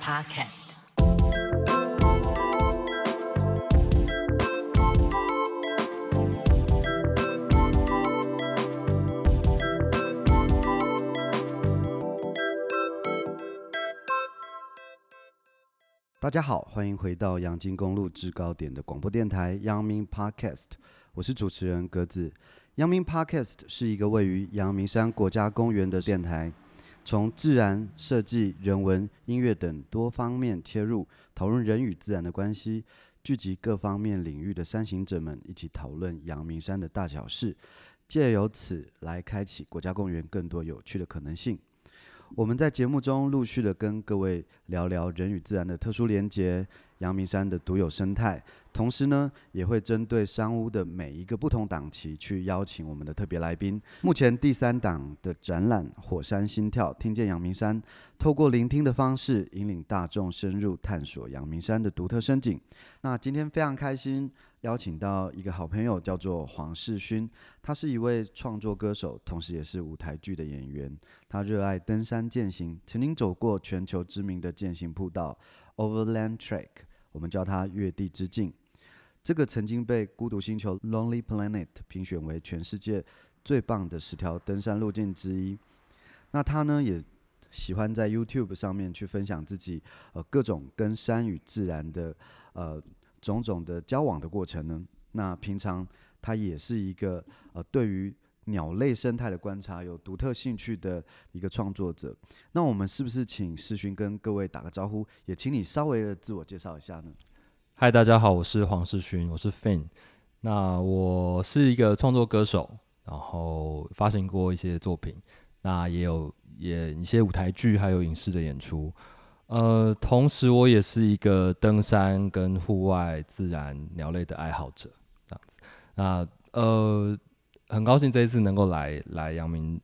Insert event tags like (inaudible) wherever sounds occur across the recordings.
Parkest 大家好，歡迎回到陽金公路制高點的廣播電台陽明 Parkest，我是主持人格子。陽明 Parkest 是一個位於陽明山國家公園的電台。從自然、設計、人文、音樂等多方面切入，討論人與自然的關係，聚集各方面領域的山行者們一起討論陽明山的大小事，借由此來開啟國家公園更多有趣的可能性。我們在節目中陸續的跟各位聊聊人與自然的特殊連結，陽明山的獨有生態。同時呢，也會針對山屋的每一個不同檔期去邀請我們的特別來賓。目前第三檔的展覽《火山心跳》，聽見陽明山，透過聆聽的方式，引領大眾深入探索陽明山的獨特聲景。那今天非常開心。邀請到一個好朋友，叫做黃士勛，他是一位創作歌手，同時也是舞台劇的演員。他熱愛登山健行，曾經走過全球知名的健行步道 Overland Track，我們叫它月地之徑。這個曾經被《孤獨星球》Lonely Planet 評選為全世界最棒的十條登山路徑之一。那他呢，也喜歡在 YouTube 上面去分享自己呃各種跟山與自然的呃。種種的交往的過程呢。那平常他也是一個呃，對於鳥類生態的觀察有獨特興趣的一個創作者。那我們是不是請士勛跟各位打個招呼？也請你稍微的自我介紹一下呢？嗨，大家好，我是黃士勛，我是 Finn。那我是一個創作歌手，然後發行過一些作品，那也有也一些舞台劇還有影視的演出。呃，同時我也是一個登山跟戶外自然鳥類的愛好者，這樣子。那呃，很高興這一次能夠來來陽明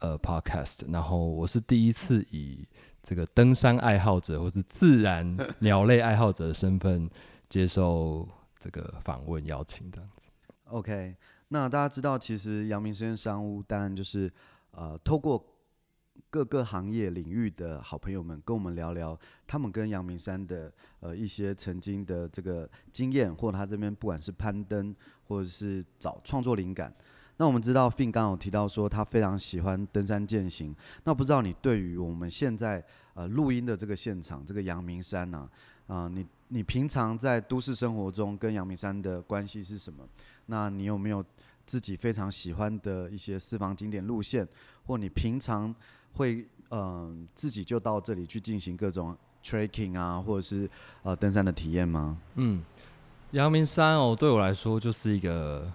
呃 Podcast，然後我是第一次以這個登山愛好者或是自然鳥類愛好者的身份接受這個訪問邀請，這樣子。OK，那大家知道，其實陽明山賞鳥當然就是呃透過各個行業領域的好朋友們，跟我們聊聊他們跟陽明山的呃一些曾經的這個經驗，或者他這邊不管是攀登，或者是找創作靈感。那我們知道 Fin 剛有提到說他非常喜歡登山健行，那不知道你對於我們現在呃錄音的這個現場，這個陽明山呢、啊，啊、呃、你你平常在都市生活中跟陽明山的關係是什麼？那你有沒有自己非常喜歡的一些私房經典路線，或你平常？會嗯、呃，自己就到這裡去進行各種 tracking 啊，或者是呃登山的體驗嗎？嗯，陽明山哦，對我來說就是一個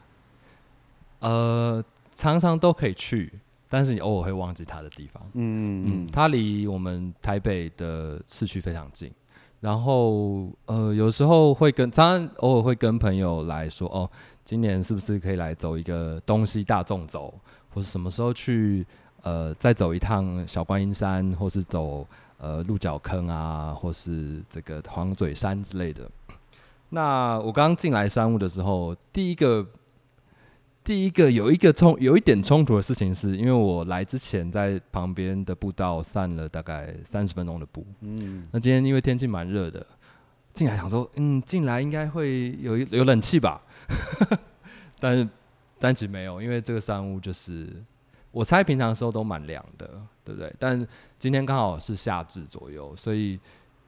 呃常常都可以去，但是你偶爾會忘記它的地方。嗯嗯嗯。它、嗯、離我們台北的市區非常近，然後呃有時候會跟常常偶爾會跟朋友來說，哦，今年是不是可以來走一個東西大縱走，或是什麼時候去？呃，再走一趟小觀音山，或是走呃鹿角坑啊，或是這個磺嘴山之類的。那我剛剛進來山屋的時候，第一個第一個有一個衝有一點衝突的事情是，是因為我來之前在旁邊的步道散了大概三十分鐘的步。嗯，那今天因為天氣蠻熱的，進來想說，嗯，進來應該會有有冷氣吧？ (laughs) 但是但其實沒有，因為這個山屋就是。我猜平常的時候都蠻涼的，對不對？但今天剛好是夏至左右，所以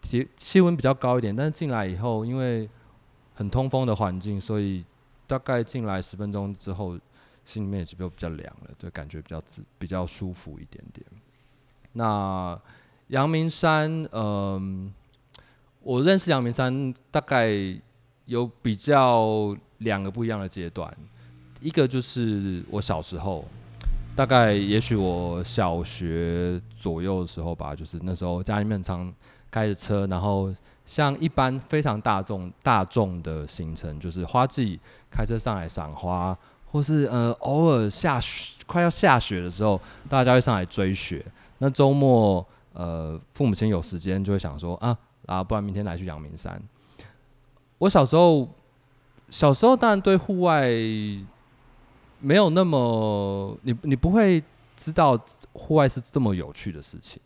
氣氣溫比較高一點。但是進來以後，因為很通風的環境，所以大概進來十分鐘之後，心裡面也就比較涼了，就感覺比較自比較舒服一點點。那陽明山，嗯、呃，我認識陽明山大概有比較兩個不一樣的階段，一個就是我小時候。大概也許我小學左右的時候吧，就是那時候家裡面常開着車，然後像一般非常大眾大眾的行程，就是花季開車上來賞花，或是呃偶爾下快要下雪的時候，大家會上來追雪。那周末呃父母親有時間就會想說啊啊，不然明天來去陽明山。我小時候小時候當然對戶外。沒有那麼，你你不會知道戶外是這麼有趣的事情。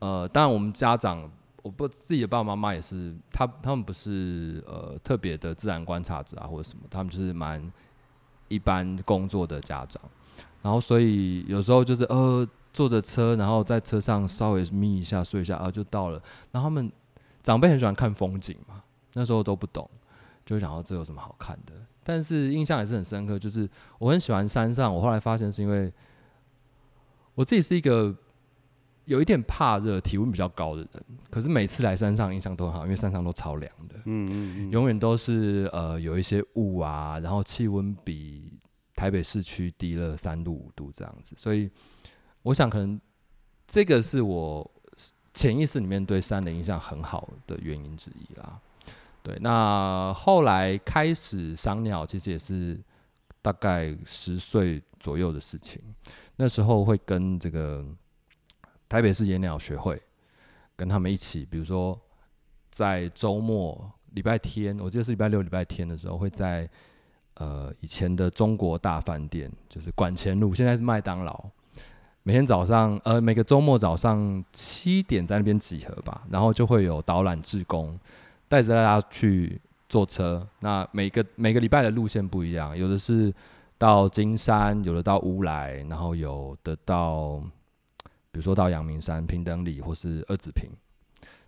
呃，當然我們家長，我不自己的爸爸媽媽也是，他他們不是呃特別的自然觀察者啊，或者什麼，他們就是蠻一般工作的家長。然後所以有時候就是呃坐着車，然後在車上稍微眯一下，睡一下，呃，就到了。然後他們長輩很喜歡看風景嘛，那時候都不懂，就會想到這有什麼好看的。但是印象還是很深刻，就是我很喜歡山上。我後來發現是因為我自己是一個有一點怕熱、體溫比較高的人。可是每次來山上印象都很好，因為山上都超涼的。嗯，嗯嗯，永遠都是呃有一些霧啊，然後氣溫比台北市區低了三度五度這樣子。所以我想可能這個是我潛意識裡面對山的印象很好的原因之一啦。對，那後來開始賞鳥，其實也是大概十歲左右的事情。那時候會跟這個台北市野鳥學會，跟他們一起，比如說在週末、禮拜天，我記得是禮拜六、禮拜天的時候，會在呃以前的中國大飯店，就是館前路，現在是麥當勞。每天早上，呃，每個週末早上七點在那邊集合吧，然後就會有導覽志工。帶着大家去坐車，那每個每個禮拜的路線不一樣，有的是到金山，有的到烏來，然後有的到，比如說到陽明山、平等里或是二子坪，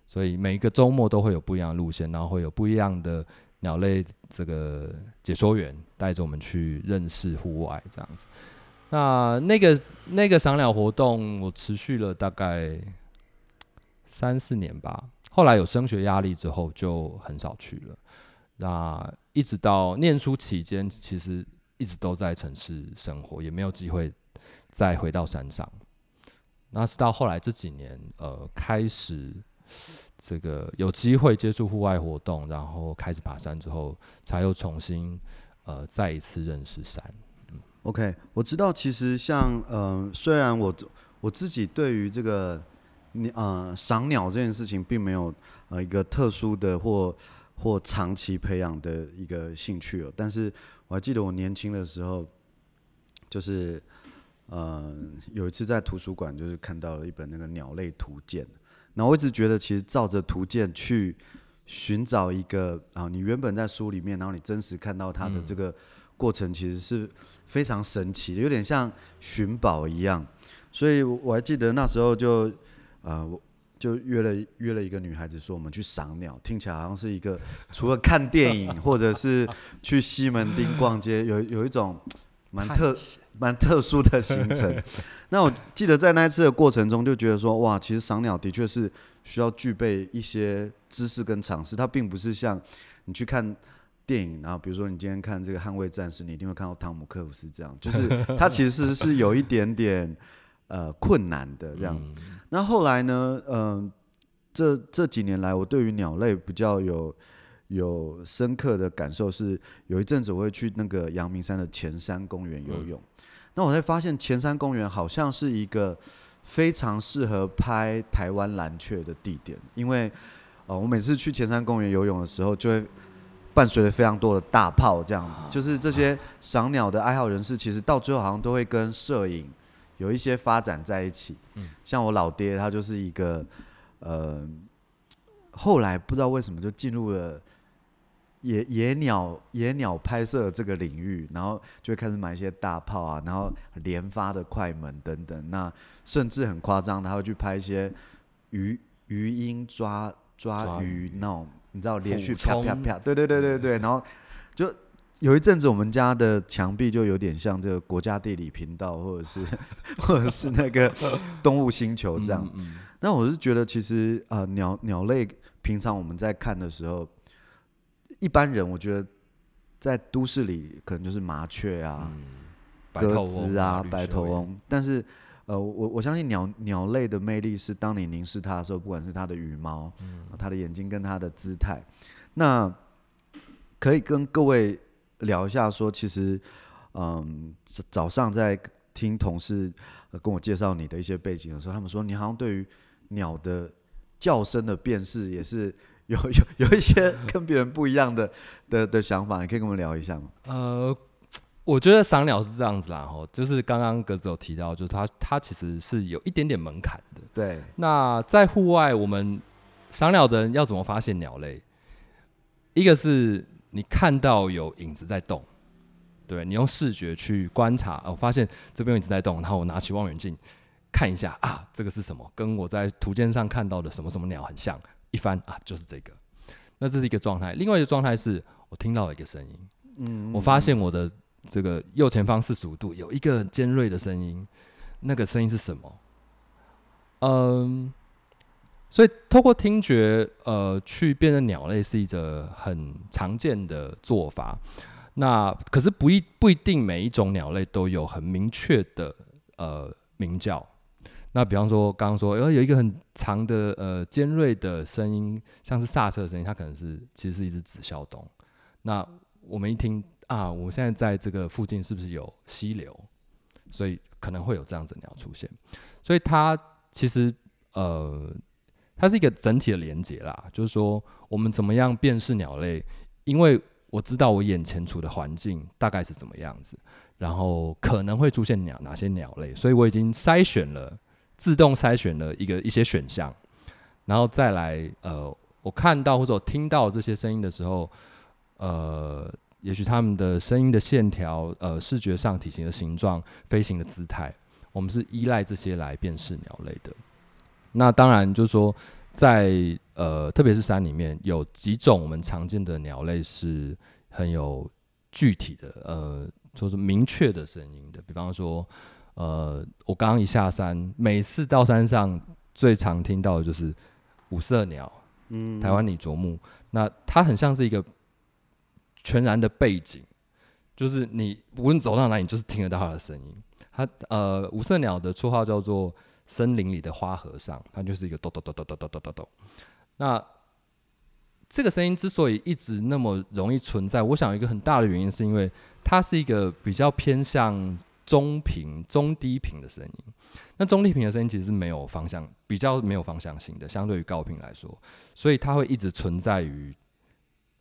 所以每一個周末都會有不一樣的路線，然後會有不一樣的鳥類這個解說員帶着我們去認識戶外這樣子。那那個那個賞鳥活動，我持續了大概三四年吧。後來有升學壓力之後就很少去了，那一直到念書期間，其實一直都在城市生活，也沒有機會再回到山上。那是到後來這幾年，呃，開始這個有機會接觸戶外活動，然後開始爬山之後，才又重新呃再一次認識山。嗯，OK，我知道，其實像嗯、呃，雖然我我自己對於這個。你啊，賞鳥這件事情並沒有呃一個特殊的或或長期培養的一個興趣哦。但是我還記得我年輕的時候，就是嗯有一次在圖書館就是看到了一本那個鳥類圖鑑，那我一直覺得其實照着圖鑑去尋找一個啊你原本在書裡面，然後你真實看到它的這個過程，其實是非常神奇，有點像尋寶一樣。所以我還記得那時候就。呃，我就約了約了一個女孩子，說我們去賞鳥，聽起來好像是一個除了看電影或者是去西門町逛街，有有一種蠻特蠻特殊的行程。 (laughs) 那我記得在那一次的過程中，就覺得說，哇，其實賞鳥的確是需要具備一些知識跟常識，它並不是像你去看電影，然後比如說你今天看這個《捍衛戰士》，你一定會看到湯姆·克魯斯這樣，就是它其實是有一點點。呃，困難的這樣。嗯、那後來呢？嗯、呃，這這幾年來，我對於鳥類比較有有深刻的感受是，有一陣子我會去那個陽明山的前山公園游泳。嗯、那我才發現前山公園好像是一個非常適合拍台灣藍鵲的地點，因為、呃、我每次去前山公園游泳的時候，就會伴隨着非常多的大炮，這樣、啊、就是這些賞鳥的愛好人士，其實到最後好像都會跟攝影。有一些發展在一起，嗯，像我老爹，他就是一個，呃，後來不知道為什麼就進入了野野鳥野鳥拍攝這個領域，然後就會開始買一些大炮啊，然後連發的快門等等，那甚至很誇張，他會去拍一些魚魚鷹抓抓魚那種，抓你知道連續衝啪啪啪，對對對對對，嗯，然後就。有一陣子，我們家的牆壁就有點像這個國家地理頻道，或者是或者是那個動物星球這樣。 (laughs) 嗯嗯、那我是覺得，其實呃，鳥鳥類平常我們在看的時候，一般人我覺得在都市裡可能就是麻雀啊、嗯、鴿子啊、白頭翁、啊。但是呃，我我相信鳥鳥類的魅力是，當你凝視它的時候，不管是它的羽毛、嗯啊、它的眼睛跟它的姿態，那可以跟各位。聊一下，說其實，嗯，早早上在聽同事跟我介紹你的一些背景的時候，他們說你好像對於鳥的叫聲的辨識也是有有有一些跟別人不一樣的 (laughs) 的，的想法，你可以跟我們聊一下嗎？呃，我覺得賞鳥是這樣子啦，哈，就是剛剛格子有提到，就是它它其實是有一點點門檻的。對。那在戶外，我們賞鳥的人要怎麼發現鳥類？一個是。你看到有影子在動，對，你用視覺去觀察，哦、啊，我發現這邊有影子在動，然後我拿起望遠鏡看一下，啊，這個是什麼？跟我在圖鑑上看到的什麼什麼鳥很像，一翻啊，就是這個。那這是一個狀態。另外一個狀態是我聽到一個聲音，嗯，嗯，嗯，嗯，我發現我的這個右前方四十五度，有一個尖銳的聲音，那個聲音是什麼？嗯。所以，透過聽覺，呃，去辨認鳥類是一個很常見的做法。那可是不一不一定每一種鳥類都有很明確的呃鳴叫。那比方說，剛剛說，呃，有一個很長的呃尖銳的聲音，像是剎車的聲音，它可能是其實是一隻紫嘯鶇。那我們一聽啊，我現在在這個附近是不是有溪流？所以可能會有這樣子的鳥出現。所以它其實呃。它是一個整體的連結啦，就是說我們怎麼樣辨識鳥類，因為我知道我眼前處的環境大概是怎麼樣子，然後可能會出現鳥哪些鳥類，所以我已經篩選了自動篩選了一個一些選項，然後再來呃，我看到或者聽到這些聲音的時候，呃，也許他們的聲音的線條，呃，視覺上體型的形狀、飛行的姿態，我們是依賴這些來辨識鳥類的。那當然就是說在，在呃，特別是山裡面有幾種我們常見的鳥類是很有具體的，呃，就是明確的聲音的。比方說，呃，我剛剛一下山，每次到山上最常聽到的就是五色鳥，嗯，嗯，台灣擬啄木，那它很像是一個全然的背景，就是你無論走到哪裡，你就是聽得到它的聲音。它呃，五色鳥的綽號叫做。森林裡的花和尚，它就是一個咚咚咚咚咚咚咚咚。那這個聲音之所以一直那麼容易存在，我想有一個很大的原因是因為它是一個比較偏向中頻、中低頻的聲音。那中低頻的聲音其實是沒有方向，比較沒有方向性的，相對於高頻來說，所以它會一直存在於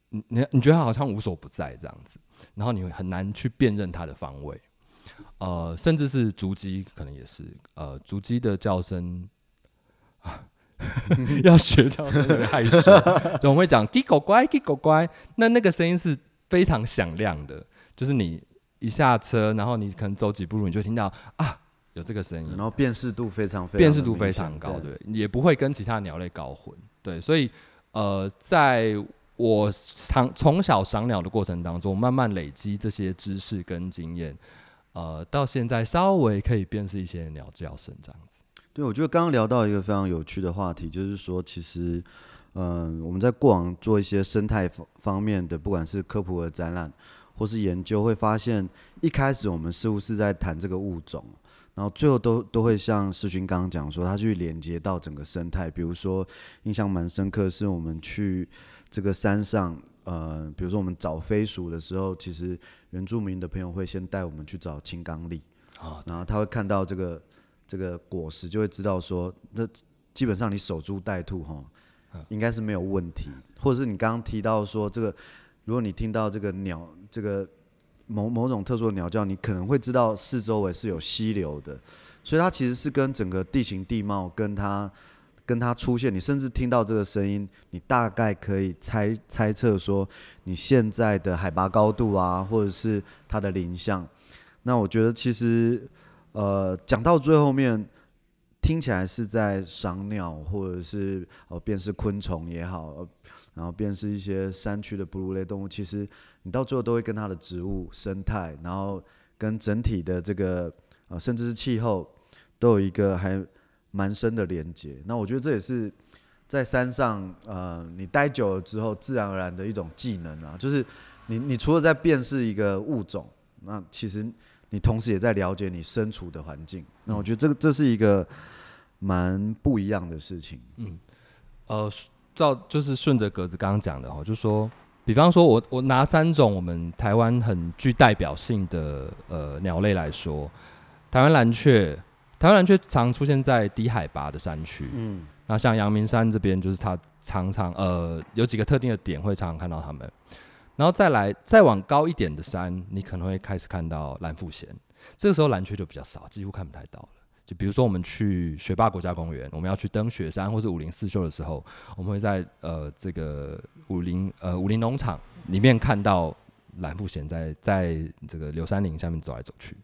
你你你覺得它好像無所不在這樣子，然後你很難去辨認它的方位。呃，甚至是竹雞，可能也是。呃，竹雞的叫聲啊， (laughs) (laughs) 要學叫很害羞，所以我們會講“嘰咕， (laughs) 乖，嘰咕，乖，乖”。那那個聲音是非常響亮的，就是你一下車，然後你可能走幾步路，你就聽到啊，有這個聲音。然後辨識度非常，非常，辨識度非常高，對，對也不會跟其他鳥類搞混，對。所以，呃，在我長從小賞鳥的過程當中，慢慢累積這些知識跟經驗。呃，到現在稍微可以辨識一些鳥叫聲這樣子。對，我覺得剛剛聊到一個非常有趣的話題，就是說，其實，嗯、呃，我們在過往做一些生態方方面的，不管是科普和展覽，或是研究，會發現一開始我們似乎是在談這個物種，然後最後都都會像士勛剛剛講說，它去連接到整個生態。比如說，印象蠻深刻，是我們去這個山上，嗯、呃，比如說我們找飛鼠的時候，其實。原住民的朋友會先帶我們去找青剛櫟。哦、然後他會看到這個這個果實，就會知道說，那基本上你守株待兔哈，哦嗯、應該是沒有問題。或者是你剛剛提到說，這個如果你聽到這個鳥，這個某某種特殊的鳥叫，你可能會知道四周圍是有溪流的，所以它其實是跟整個地形地貌跟它。跟它出現，你甚至聽到這個聲音，你大概可以猜猜測說，你現在的海拔高度啊，或者是它的林相。那我覺得其實，呃，講到最後面，聽起來是在賞鳥，或者是哦，便、呃、是昆蟲也好，呃、然後便是一些山區的哺乳類動物。其實你到最後都會跟它的植物生態，然後跟整體的這個呃，甚至是氣候，都有一個還。蠻深的連接，那我覺得這也是在山上，呃，你待久了之後，自然而然的一種技能啊，就是你你除了在辨識一個物種，那其實你同時也在了解你身處的環境，那我覺得這個這是一個蠻不一樣的事情。嗯，呃，照就是順着格子剛剛講的哈，就說，比方說我我拿三種我們台灣很具代表性的呃鳥類來說，台灣藍鵲。台灣藍鵲常出現在低海拔的山區，嗯，那像陽明山這邊，就是它常常呃有幾個特定的點會常常看到它們，然後再來再往高一點的山，你可能會開始看到藍腹鷴，這個時候藍鵲就比較少，幾乎看不太到了。就比如說我們去雪霸國家公園，我們要去登雪山或者武陵四秀的時候，我們會在呃這個武陵呃武陵農場裡面看到藍腹鷴在在這個柳杉林下面走來走去。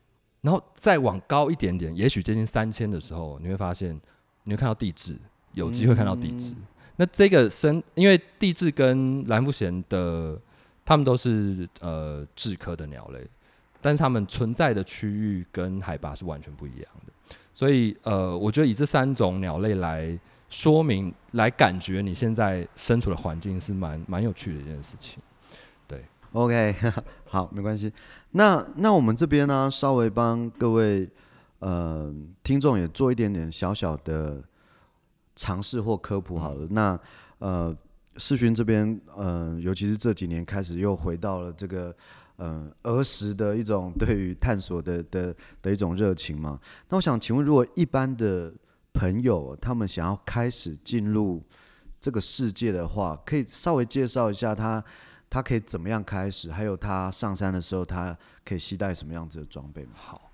然後再往高一點點，也許接近三千的時候，你會發現你會看到帝雉，有機會看到帝雉。嗯、那這個深，因為帝雉跟藍腹鷴的，它們都是呃雉科的鳥類，但是它們存在的區域跟海拔是完全不一樣的。所以呃，我覺得以這三種鳥類來說明，來感覺你現在身處的環境是蠻蠻有趣的一件事情。對，OK。好，沒關係。那那我們這邊呢、啊，稍微幫各位呃聽眾也做一點點小小的嘗試或科普好了。那呃，士勛這邊，嗯、呃，尤其是這幾年開始又回到了這個嗯兒、呃、時的一種對於探索的的的一種熱情嘛。那我想請問，如果一般的朋友他們想要開始進入這個世界的話，可以稍微介紹一下他。他可以怎麼樣開始？還有他上山的時候，他可以攜帶什麼樣子的裝備嗎？好，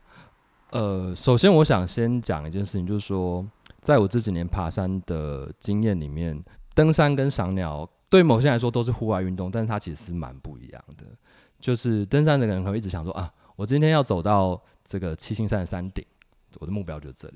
呃，首先我想先講一件事情，就是說，在我這幾年爬山的經驗裡面，登山跟賞鳥對某些人來說都是戶外運動，但是它其實是蠻不一樣的。就是登山的人可能一直想說啊，我今天要走到這個七星山的山頂，我的目標就是這裡。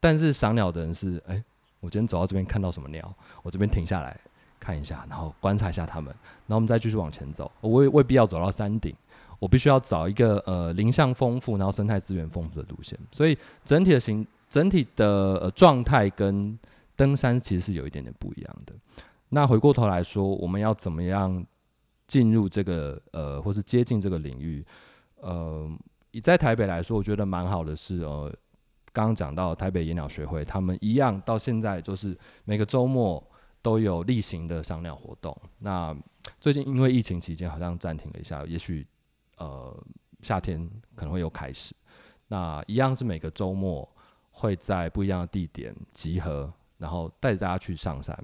但是賞鳥的人是，哎、欸，我今天走到這邊看到什麼鳥，我這邊停下來。看一下，然後觀察一下他們，然後我們再繼續往前走。我也未必要走到山頂，我必須要找一個呃林相豐富，然後生態資源豐富的路線。所以整體的形，整體的、呃、狀態跟登山其實是有一點點不一樣的。那回過頭來說，我們要怎麼樣進入這個呃，或是接近這個領域？呃，在台北來說，我覺得蠻好的是，呃，剛剛講到台北野鳥學會，他們一樣到現在就是每個週末。都有例行的賞鳥活動。那最近因為疫情期間好像暫停了一下，也許呃夏天可能會有開始。那一樣是每個周末會在不一樣的地點集合，然後帶着大家去上山。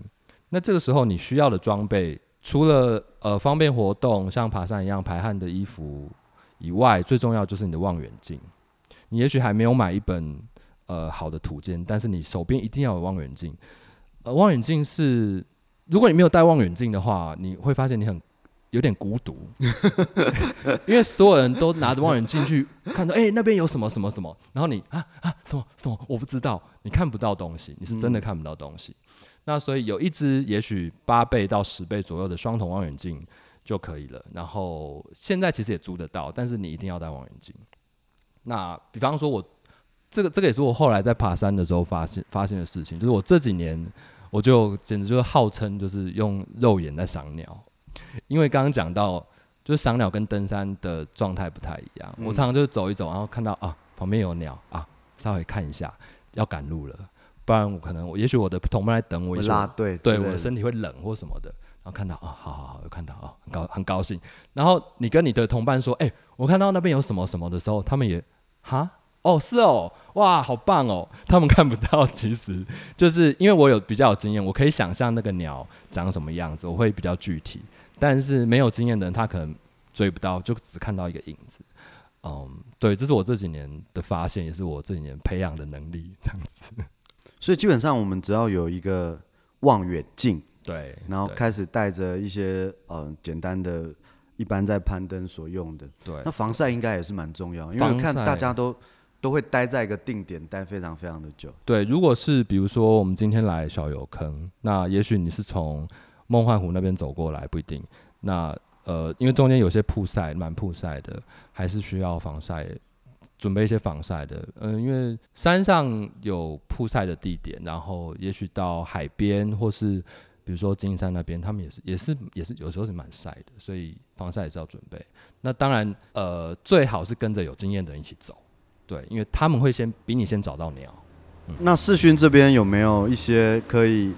那這個時候你需要的裝備，除了呃方便活動像爬山一樣排汗的衣服以外，最重要就是你的望遠鏡。你也許還沒有買一本呃好的圖鑑，但是你手邊一定要有望遠鏡。呃，望遠鏡是，如果你沒有帶望遠鏡的話，你會發現你很有點孤獨， (laughs) (laughs) 因為所有人都拿着望遠鏡去看著，哎，那邊有什麼什麼什麼，然後你啊啊，什麼什麼，我不知道，你看不到東西，你是真的看不到東西。嗯、那所以有一支也許八倍到十倍左右的雙筒望遠鏡就可以了。然後現在其實也租得到，但是你一定要帶望遠鏡。那比方說我。這個這個也是我後來在爬山的時候發現發現的事情，就是我這幾年我就簡直就是號稱就是用肉眼在賞鳥，因為剛剛講到就是賞鳥跟登山的狀態不太一樣，嗯、我常常就是走一走，然後看到啊旁邊有鳥啊，稍微看一下要趕路了，不然我可能我也許我的同伴在等我一下，對，我的身體會冷或什麼的，然後看到啊好好好，有看到啊很高很高興，然後你跟你的同伴說誒我看到那邊有什麼什麼的時候，他們也哈。哦，是哦，哇，好棒哦！他們看不到，其實就是因為我有比較有經驗，我可以想象那個鳥長什麼樣子，我會比較具體。但是沒有經驗的人，他可能追不到，就只看到一個影子。嗯，對，這是我這幾年的發現，也是我這幾年培養的能力，這樣子。所以基本上，我們只要有一個望遠鏡，對，然後開始帶着一些嗯對、呃，簡單的、一般在攀登所用的，對，那防曬應該也是蠻重要，對因為看大家都。都會待在一個定點，待非常非常的久。對，如果是比如說我們今天來小油坑，那也許你是從夢幻湖那邊走過來，不一定。那呃，因為中間有些曝曬，蠻曝曬的，還是需要防曬，準備一些防曬的。嗯、呃，因為山上有曝曬的地點，然後也許到海邊，或是比如說金山那邊，他們也是也是也是有時候是蠻曬的，所以防曬也是要準備。那當然，呃，最好是跟着有經驗的人一起走。對，因為他們會先比你先找到鳥。嗯、那士勛這邊有沒有一些可以，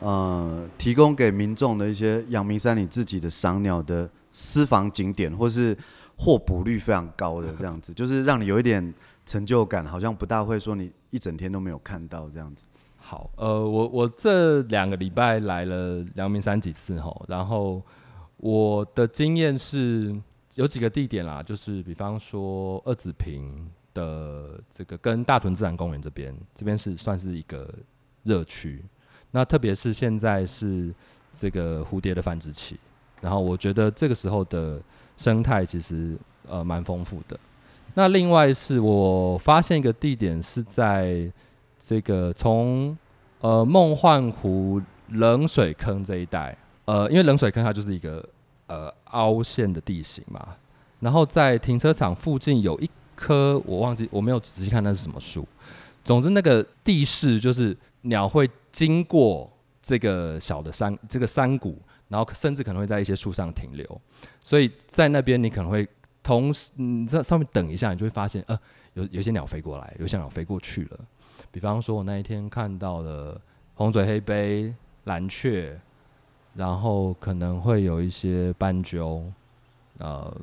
呃，提供給民眾的一些陽明山你自己的賞鳥的私房景點，或是獲捕率非常高的這樣子，嗯、就是讓你有一點成就感，好像不大會說你一整天都沒有看到這樣子。好，呃，我我這兩個禮拜來了陽明山幾次吼，然後我的經驗是有幾個地點啦，啊，就是比方說二子坪。的這個跟大屯自然公園這邊，這邊是算是一個熱區。那特別是現在是這個蝴蝶的繁殖期，然後我覺得這個時候的生態其實呃蠻豐富的。那另外是我發現一個地點是在這個從呃夢幻湖冷水坑這一帶，呃，因為冷水坑它就是一個呃凹陷的地形嘛，然後在停車場附近有一。棵，我忘記我沒有仔細看那是什麼樹，總之那個地勢就是鳥會經過這個小的山這個山谷，然後甚至可能會在一些樹上停留，所以在那邊你可能會同時你在、嗯、上面等一下，你就會發現呃有有些鳥飛過來，有些鳥飛過去了，比方說我那一天看到了紅嘴黑鵯、藍雀，然後可能會有一些斑鳩，呃。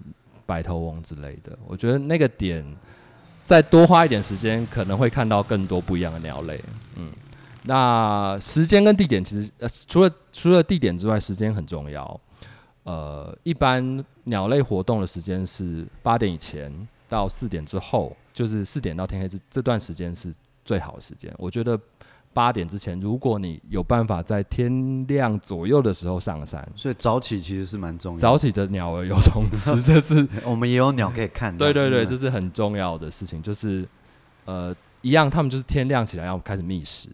白頭翁之類的，我覺得那個點再多花一點時間，可能會看到更多不一樣的鳥類。嗯，那時間跟地點其實呃，除了除了地點之外，時間很重要。呃，一般鳥類活動的時間是八點以前到四點之後，就是四點到天黑這這段時間是最好的時間。我覺得。八點之前，如果你有辦法在天亮左右的時候上山，所以早起其實是蠻重要的。早起的鳥兒有蟲吃， (laughs) 這是 (laughs) 我們也有鳥可以看。對對對，嗯、這是很重要的事情，就是呃，一樣，他們就是天亮起來要開始覓食，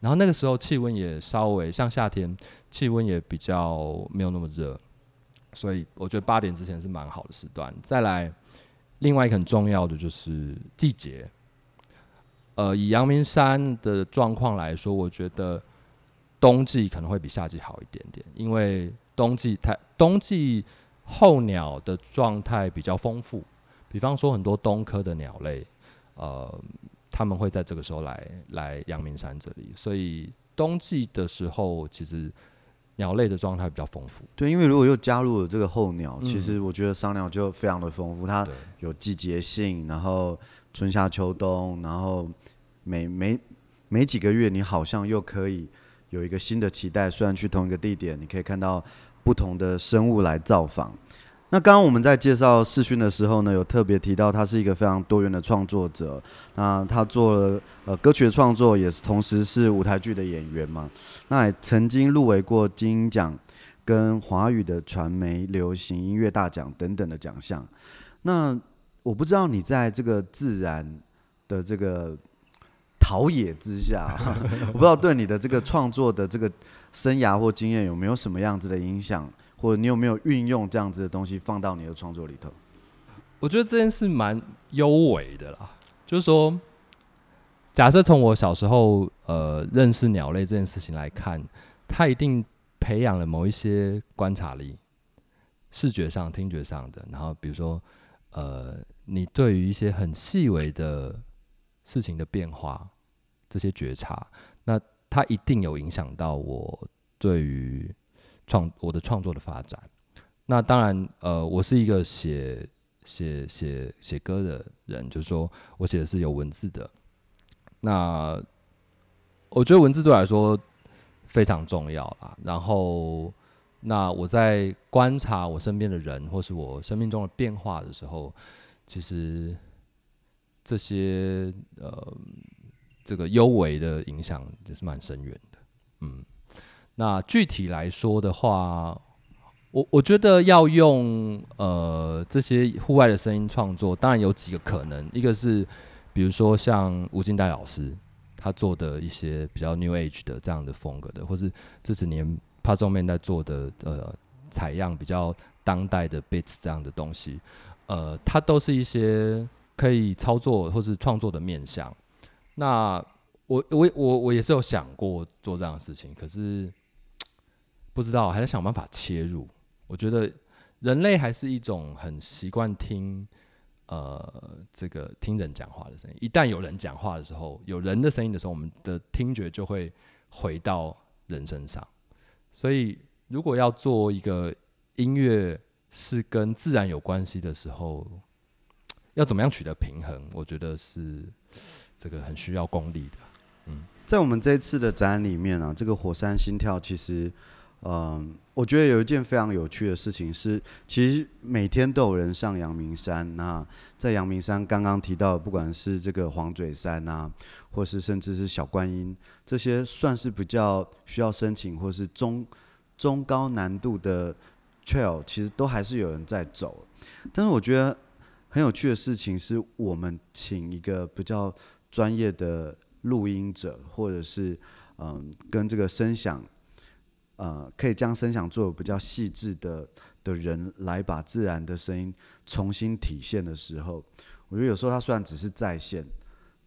然後那個時候氣溫也稍微像夏天，氣溫也比較沒有那麼熱，所以我覺得八點之前是蠻好的時段。再來，另外一個很重要的就是季節。呃，以陽明山的狀況來說，我覺得冬季可能會比夏季好一點點，因為冬季太冬季候鳥的狀態比較豐富，比方說很多冬科的鳥類，呃，他們會在這個時候來來陽明山這裡，所以冬季的時候其實鳥類的狀態比較豐富。對，因為如果又加入了這個候鳥，其實我覺得賞鳥就非常的豐富，嗯，它有季節性，然後。春夏秋冬，然後每每每幾個月，你好像又可以有一個新的期待。雖然去同一個地點，你可以看到不同的生物來造訪。那剛剛我們在介紹士勛的時候呢，有特別提到他是一個非常多元的創作者。那他做了呃歌曲的創作，也是同時是舞台劇的演員嘛。那也曾經入圍過金鷹獎跟華語的傳媒流行音樂大獎等等的獎項。那我不知道你在這個自然的這個陶冶之下，啊， (laughs) 我不知道對你的這個創作的這個生涯、或經驗有沒有什麼樣子的影響，或者你有沒有運用這樣子的東西放到你的創作裡頭？我覺得這件事蠻優美的啦，就是說，假設從我小時候呃認識鳥類這件事情來看，它一定培養了某一些觀察力，視覺上、聽覺上的，然後比如說呃。你對於一些很細微的事情的變化，這些覺察，那它一定有影響到我對於創，我的創作的發展。那當然，呃，我是一個寫寫寫寫歌的人，就是說我寫的是有文字的。那我覺得文字對我來說非常重要啊。然後，那我在觀察我身邊的人，或是我生命中的變化的時候。其實這些呃，這個幽微的影響也是蠻深遠的。嗯，那具體來說的話，我我覺得要用呃這些戶外的聲音創作，當然有幾個可能，一個是比如說像吳金黛老師他做的一些比較 New Age 的這樣的風格的，或是這幾年他中面在做的呃採樣比較當代的 Bits 這樣的東西。呃，它都是一些可以操作或是創作的面向。那我我我我也是有想過做這樣的事情，可是不知道還在想辦法切入。我覺得人類還是一種很習慣聽呃這個聽人講話的聲音。一旦有人講話的時候，有人的聲音的時候，我們的聽覺就會回到人身上。所以如果要做一個音樂。是跟自然有關係的時候，要怎麼樣取得平衡？我覺得是這個很需要功力的。嗯，在我們這一次的展覽裡面啊，這個火山心跳其實，嗯、呃，我覺得有一件非常有趣的事情是，其實每天都有人上陽明山。那在陽明山剛剛提到，不管是這個磺嘴山啊，或是甚至是小觀音，這些算是比較需要申請或是中中高難度的。trail 其實都還是有人在走，但是我覺得很有趣的事情是，我們請一個比較專業的錄音者，或者是嗯跟這個聲響，呃、嗯，可以將聲響做的比較細緻的的人來把自然的聲音重新體現的時候，我覺得有時候他雖然只是再現，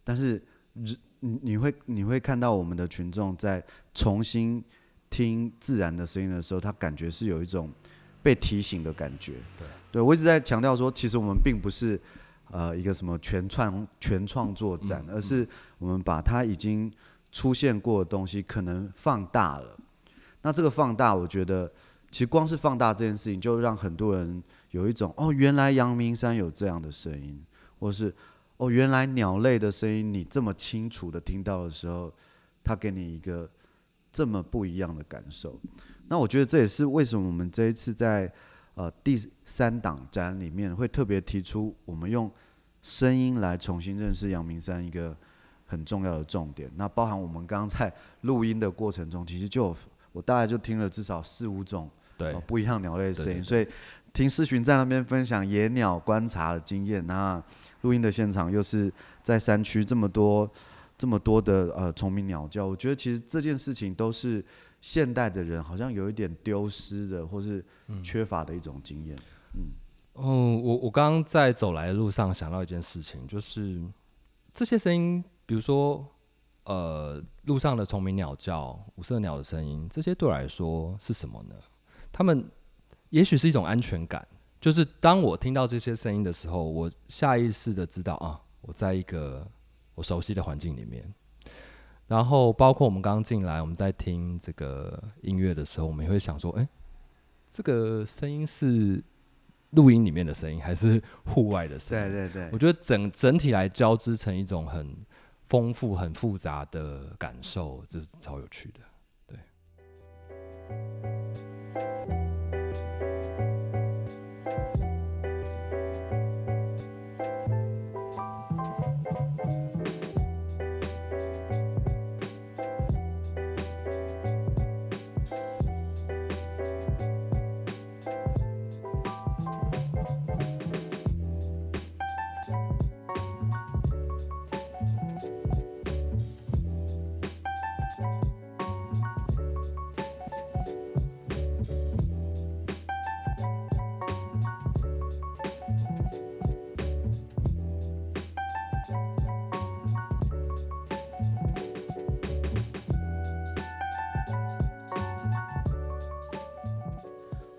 但是你你會你會看到我們的群眾在重新聽自然的聲音的時候，他感覺是有一種。被提醒的感覺，對，啊、對，對我一直在強調說，其實我們並不是，呃，一個什麼全創全創作展，嗯嗯嗯、而是我們把它已經出現過的東西可能放大了。那這個放大，我覺得其實光是放大這件事情，就讓很多人有一種哦，原來陽明山有這樣的聲音，或是哦，原來鳥類的聲音，你這麼清楚的聽到的時候，它給你一個這麼不一樣的感受。那我覺得這也是為什麼我們這一次在呃第三檔展裡面會特別提出，我們用聲音來重新認識陽明山一個很重要的重點。那包含我們剛剛在錄音的過程中，其實就我大概就聽了至少四五種對、呃、不一樣鳥類的聲音。所以聽士勛，在那邊分享野鳥觀察的經驗，那錄音的現場又是在山區，這麼多這麼多的呃蟲鳴鳥叫，我覺得其實這件事情都是。現代的人好像有一點丟失的，或是缺乏的一種經驗。嗯，嗯、哦，我我剛剛在走來的路上想到一件事情，就是這些聲音，比如說，呃，路上的蟲鳴、鳥叫、五色鳥的聲音，這些對我來說是什麼呢？他們也許是一種安全感，就是當我聽到這些聲音的時候，我下意識的知道啊，我在一個我熟悉的環境裡面。然後包括我們剛剛進來，我們在聽這個音樂的時候，我們也會想說，哎，這個聲音是錄音裡面的聲音，還是戶外的聲音？對對對，我覺得整整體來交織成一種很豐富、很複雜的感受，就是超有趣的，對。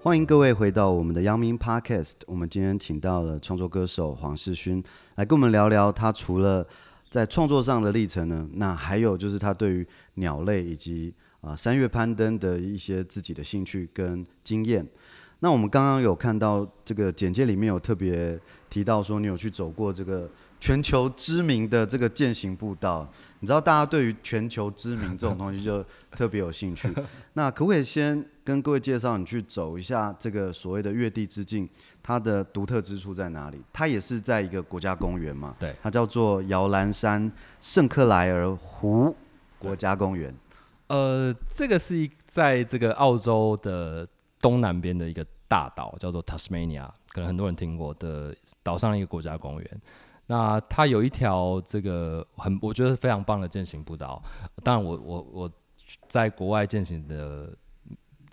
歡迎各位回到我們的《陽明 Podcast》。我們今天請到了創作歌手黃士勛，來跟我們聊聊他除了在創作上的歷程呢，那還有就是他對於鳥類以及啊山岳攀登的一些自己的興趣跟經驗。那我們剛剛有看到這個簡介裡面有特別提到說，你有去走過這個全球知名的這個健行步道。你知道大家對於全球知名這種東西就特別有興趣，那可不可以先？跟各位介紹，你去走一下這個所謂的月地之境，它的獨特之處在哪裡？它也是在一個國家公園嘛？對，它叫做搖籃山聖克萊爾湖國家公園。呃，這個是在這個澳洲的東南邊的一個大島，叫做 Tasmania。可能很多人聽過的島上的一個國家公園。那它有一條這個很我覺得非常棒的健行步道。當然我，我我我在國外健行的。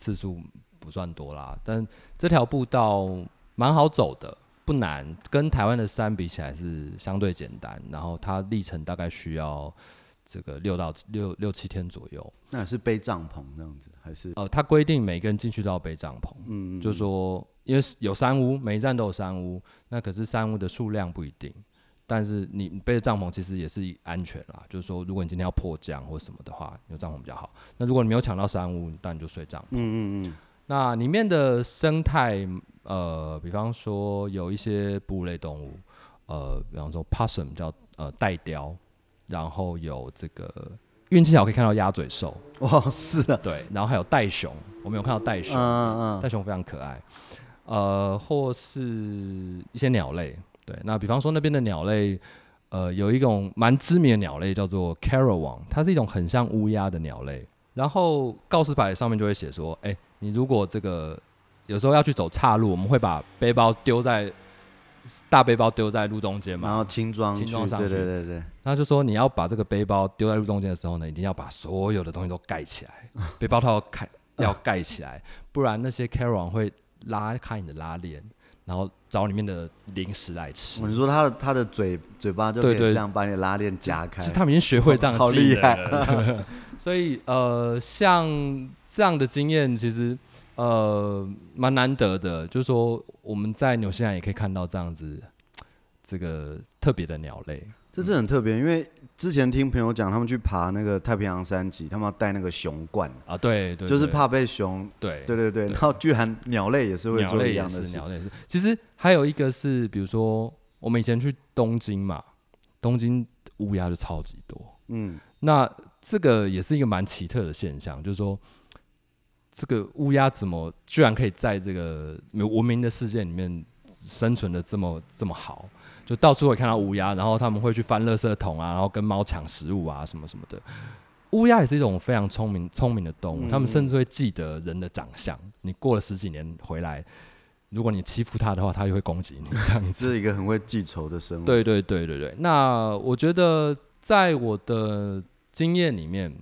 次數不算多啦，但這條步道蠻好走的，不難，跟台灣的山比起來是相對簡單。然後它歷程大概需要這個六到六六七天左右。那是背帳篷那樣子，還是？哦、呃，它規定每個人進去都要背帳篷。嗯，嗯，嗯，就說因為有山屋，每一站都有山屋，那可是山屋的數量不一定。但是你你背着帳篷其實也是安全啦，就是說，如果你今天要迫降或什麼的話，有帳篷比較好。那如果你沒有搶到山屋，那你就睡帳篷。嗯嗯嗯。那裡面的生態，呃，比方說有一些哺乳類動物，呃，比方說 possum 叫呃袋貂，然後有這個運氣好可以看到鴨嘴獸。哦，是的。對，然後還有袋熊，我們有看到袋熊，袋熊非常可愛。呃，或是一些鳥類。對，那比方說那邊的鳥類，呃，有一種蠻知名的鳥類叫做 Currawong，它是一種很像烏鴉的鳥類。然後告示牌上面就會寫說，哎，你如果這個有時候要去走岔路，我們會把背包丟在大背包丟在路中間嘛，然後輕裝輕裝上去，對對對對。那就說你要把這個背包丟在路中間的時候呢，一定要把所有的東西都蓋起來，背包套要蓋，要蓋起來， (laughs) 不然那些 Currawong 會拉開你的拉鏈。然後找裡面的零食來吃。你說他的他的嘴嘴巴就可以對對，這樣把你的拉鏈夾開。其實他們已經學會這樣、哦，好厲害。 (laughs) 所以呃，像這樣的經驗其實呃蠻難得的。就是說我們在紐西蘭也可以看到這樣子這個特別的鳥類。這是很特別，因為之前聽朋友講，他們去爬那個太平洋山脊，他們要帶那個熊罐啊，對對，對，就是怕被熊。對對對對，然後居然鳥類也是會做一樣的事。鳥類，是，鳥類是，其實還有一個是，比如說我們以前去東京嘛，東京烏鴉就超級多。嗯，那這個也是一個蠻奇特的現象，就是說這個烏鴉怎麼居然可以在這個文明的世界裡面？生存的這麼這麼好，就到處會看到烏鴉，然後他們會去翻垃圾桶啊，然後跟貓搶食物啊什麼什麼的。烏鴉也是一種非常聰明聰明的動物，他們甚至會記得人的長相。嗯、你過了十幾年回來，如果你欺負它的話，它就會攻擊你。這樣子。這是一個很會記仇的生物。對對對對對。那我覺得在我的經驗裡面，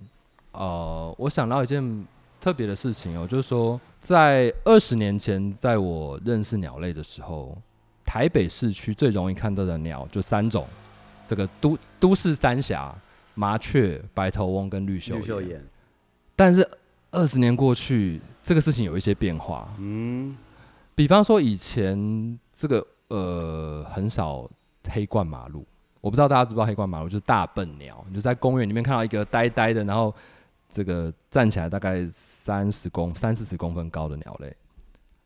呃，我想到一件。特別的事情哦，就是說，在二十年前，在我認識鳥類的時候，台北市區最容易看到的鳥就三種，這個都都市三俠麻雀、白頭翁跟綠繡。綠繡眼。但是二十年過去，這個事情有一些變化。嗯，比方說以前這個呃很少黑冠麻鷺，我不知道大家知不知道黑冠麻鷺，就是大笨鳥，你就在公園裡面看到一個呆呆的，然後。這個站起來大概三十公三四十公分高的鳥類，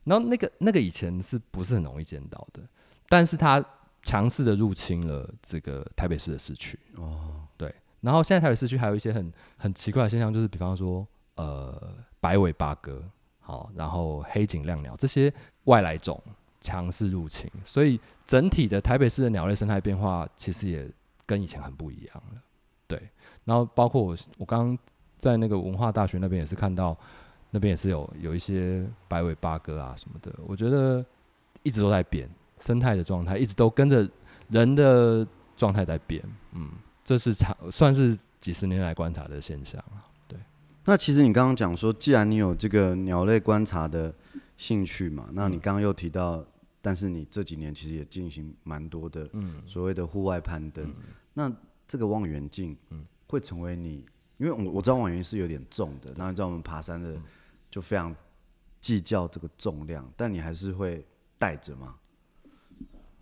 然後那個那個以前是不是很容易見到的？但是它強勢的入侵了這個台北市的市區哦，對。然後現在台北市區還有一些很很奇怪的現象，就是比方說呃白尾八哥，好，然後黑頸椋鳥這些外來種強勢入侵，所以整體的台北市的鳥類生態變化其實也跟以前很不一樣了，對。然後包括我我剛剛。在那個文化大學那邊也是看到，那邊也是有有一些白尾八哥啊什麼的。我覺得一直都在變，生態的狀態一直都跟着人的狀態在變，嗯，這是長算是幾十年來觀察的現象了。對。那其實你剛剛講說，既然你有這個鳥類觀察的興趣嘛，那你剛剛又提到，嗯、但是你這幾年其實也進行蠻多的所謂的戶外攀登，嗯、那這個望遠鏡會成為你因為我我知道望遠是有點重的，然後你知道我們爬山的就非常計較這個重量，但你還是會帶着嗎？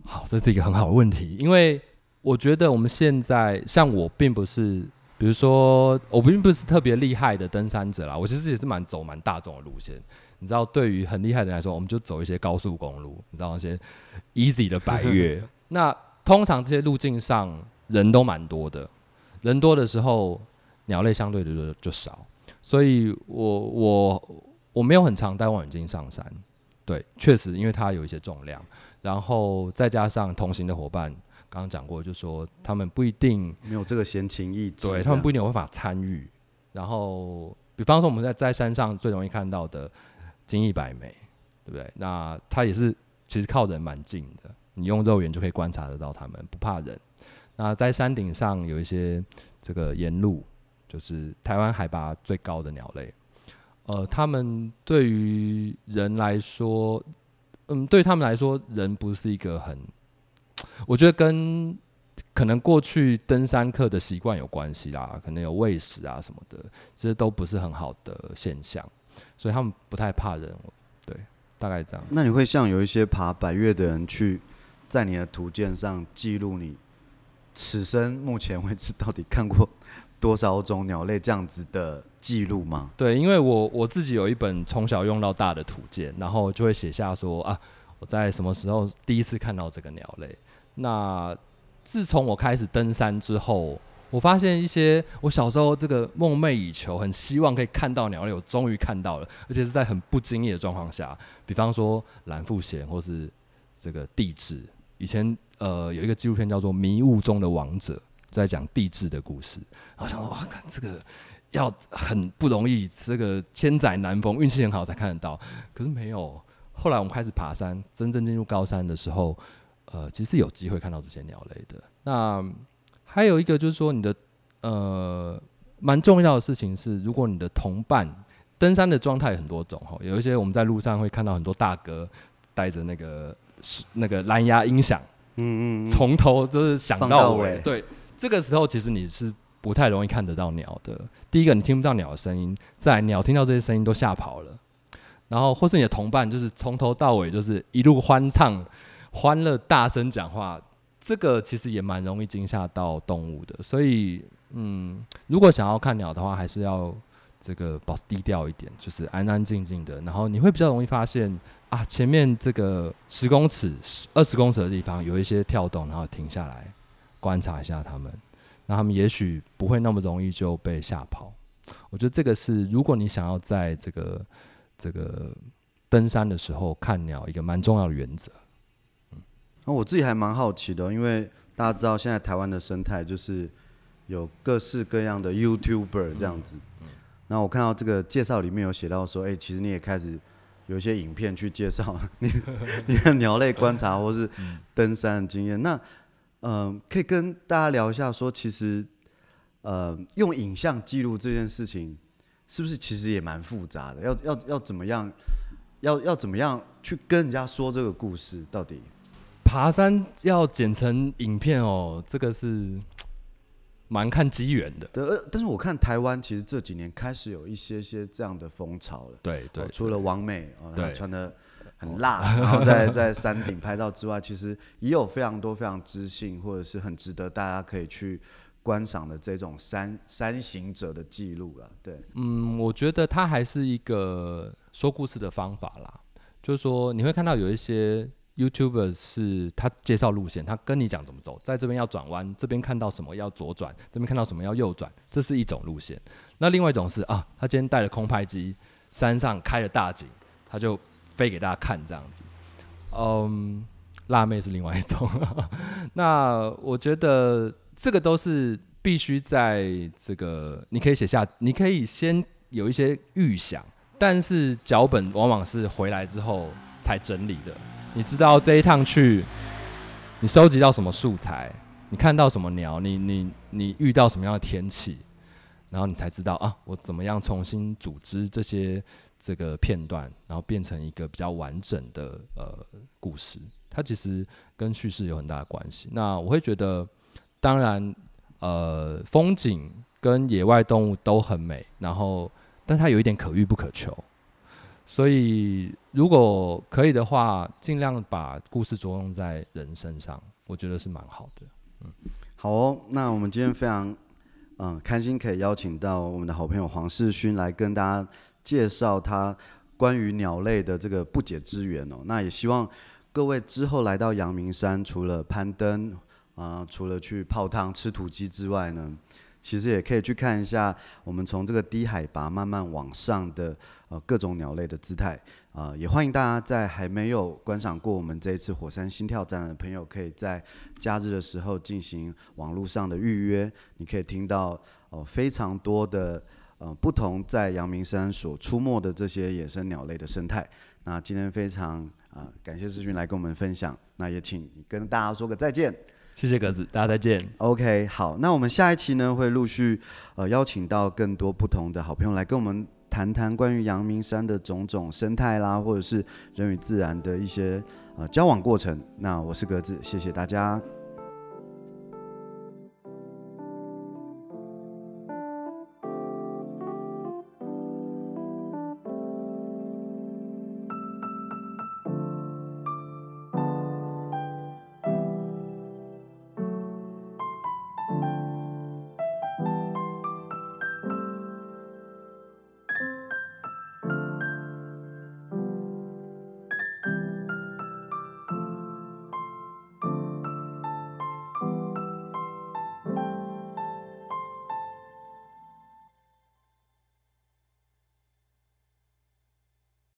好，這是一個很好的問題，因為我覺得我們現在像我並不是，比如說我並不是特別厲害的登山者啦，我其實也是蠻走蠻大眾的路線。你知道，對於很厲害的人來說，我們就走一些高速公路，你知道那些 easy 的百岳。 (laughs) 那通常這些路徑上人都蠻多的，人多的時候。鳥類相對的就少，所以我我我沒有很常帶望遠鏡上山，對，確實因為它有一些重量，然後再加上同行的夥伴，剛剛講過，就是說他們不一定沒有這個閒情逸致，對，他們不一定有辦法參與。啊、然後，比方說我們在在山上最容易看到的金翼白眉，對不對？那它也是其實靠人蠻近的，你用肉眼就可以觀察得到它們，不怕人。那在山頂上有一些這個沿路，就是台灣海拔最高的鳥類，呃，他們對於人來說，嗯，對他們來說，人不是一個很，我覺得跟可能過去登山客的習慣有關係啦，可能有餵食啊什麼的，其實都不是很好的現象，所以他們不太怕人，對，大概這樣。那你會像有一些爬百岳的人去在你的圖鑑上記錄你此生目前為止到底看過。多少種鳥類這樣子的記錄嗎？對，因為我我自己有一本從小用到大的圖鑑，然後就會寫下說啊，我在什麼時候第一次看到這個鳥類。那自從我開始登山之後，我發現一些我小時候這個夢寐以求、很希望可以看到鳥類，我終於看到了，而且是在很不經意的狀況下，比方說藍腹鷴、或是這個帝雉，以前呃有一個紀錄片叫做《迷霧中的王者》。在講地質的故事，然後想說，哇，看這個要很不容易，這個千載難逢，運氣很好才看得到。可是沒有，後來我們開始爬山，真正進入高山的時候，呃，其實是有機會看到這些鳥類的。那還有一個就是說，你的呃，蠻重要的事情是，如果你的同伴登山的狀態很多種哈，有一些我們在路上會看到很多大哥帶着那個那個藍牙音響，嗯嗯，從頭就是想到尾，到尾對。這個時候其實你是不太容易看得到鳥的。第一個，你聽不到鳥的聲音；再來鳥聽到這些聲音都嚇跑了。然後，或是你的同伴就是從頭到尾就是一路歡唱、歡樂、大聲講話，這個其實也蠻容易驚嚇到動物的。所以，嗯，如果想要看鳥的話，還是要這個保持低調一點，就是安安靜靜的。然後你會比較容易發現啊，前面這個十公尺、十二十公尺的地方有一些跳動，然後停下來。觀察一下他們，那他們也許不會那麼容易就被嚇跑。我覺得這個是，如果你想要在這個這個登山的時候看鳥，一個蠻重要的原則。那我自己還蠻好奇的，因為大家知道現在台灣的生態就是有各式各樣的 YouTuber 這樣子。那、嗯嗯、我看到這個介紹裡面有寫到說，哎、欸，其實你也開始有一些影片去介紹你， (laughs) 你的鳥類觀察、嗯、或是登山的經驗那。嗯、呃，可以跟大家聊一下，說其實，呃，用影像記錄這件事情，是不是其實也蠻複雜的？要要要怎麼樣？要要怎麼樣去跟人家說這個故事到底？爬山要剪成影片哦，這個是蠻看機緣的。呃，但是我看台灣其實這幾年開始有一些些這樣的風潮了。對對、哦，除了王美，對哦，穿的。很辣，然後在在山頂拍照之外， (laughs) 其實也有非常多非常知性或者是很值得大家可以去觀賞的這種山山行者的記錄了。對，嗯，我覺得它還是一個說故事的方法啦。就是說，你會看到有一些 YouTuber 是他介紹路線，他跟你講怎麼走，在這邊要轉彎，這邊看到什麼要左轉，這邊看到什麼要右轉，這是一種路線。那另外一種是啊，他今天帶了空拍機，山上開了大景，他就。飛給大家看這樣子，嗯，um，辣妹是另外一種。 (laughs) 那我覺得這個都是必須在這個，你可以寫下，你可以先有一些預想，但是腳本往往是回來之後才整理的。你知道這一趟去，你收集到什麼素材，你看到什麼鳥，你你你遇到什麼樣的天氣，然後你才知道啊，我怎麼樣重新組織這些。這個片段，然後變成一個比較完整的呃故事，它其實跟敘事有很大的關係。那我會覺得，當然，呃，風景跟野外動物都很美，然後，但它有一點可遇不可求，所以如果可以的話，盡量把故事作用在人身上，我覺得是蠻好的。嗯，好、哦，那我們今天非常嗯、呃、開心，可以邀請到我們的好朋友黃士勛來跟大家，介紹他關於鳥類的這個不解之緣哦，那也希望各位之後來到陽明山，除了攀登啊、呃，除了去泡湯吃土雞之外呢，其實也可以去看一下我們從這個低海拔慢慢往上的呃各種鳥類的姿態啊、呃，也歡迎大家在還沒有觀賞過我們這一次火山心跳站的朋友，可以在假日的時候進行網絡上的預約，你可以聽到、呃、非常多的。呃，不同在陽明山所出沒的這些野生鳥類的生態，那今天非常啊、呃，感謝士勛來跟我們分享，那也請跟大家說個再見。謝謝格子，大家再見。OK，好，那我們下一期呢會陸續呃邀請到更多不同的好朋友來跟我們談談關於陽明山的種種生態啦，或者是人與自然的一些呃交往過程。那我是格子，謝謝大家。